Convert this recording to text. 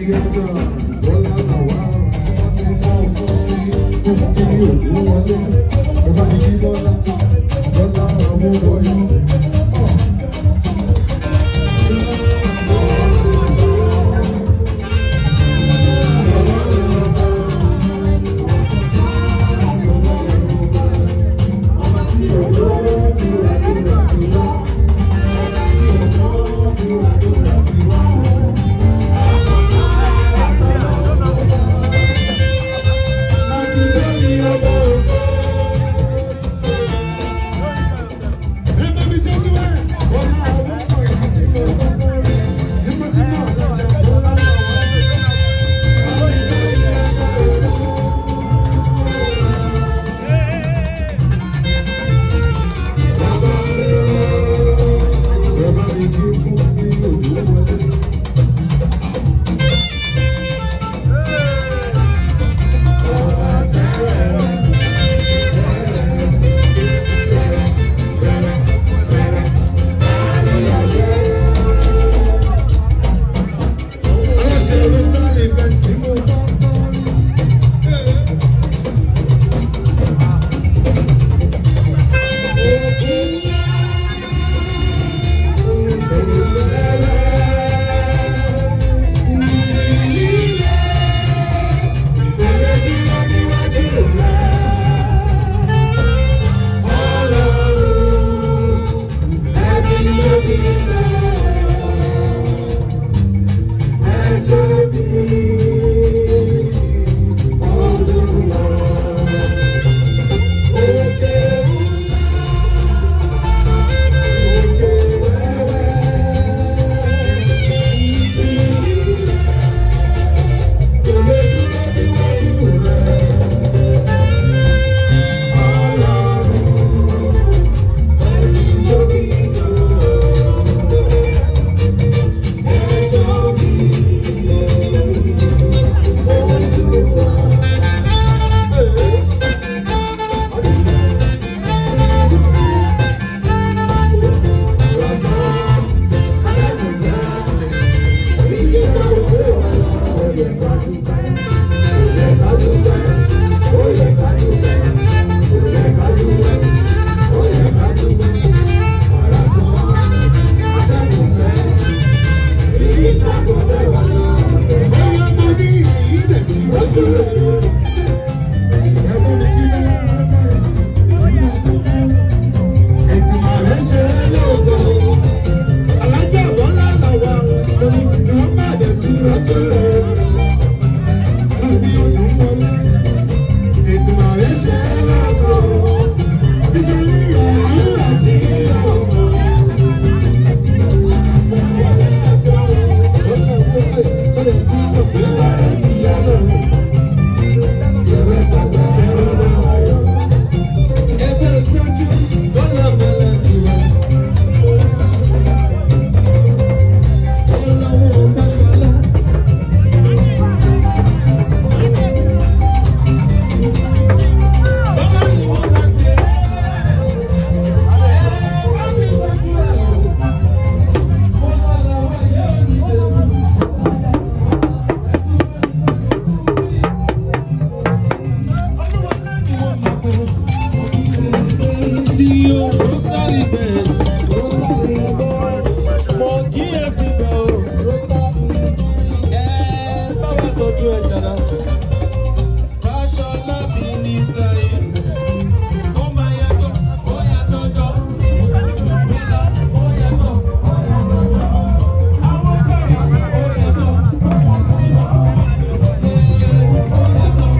síyàtọ̀ bọ́lá làwà tí wọ́n ti dá ọkọ̀ ní kí òkú wọlé mo bá ní kí bọ́lá bọ́lá àwọn ọmọ yìí. Hallelujah. Baby.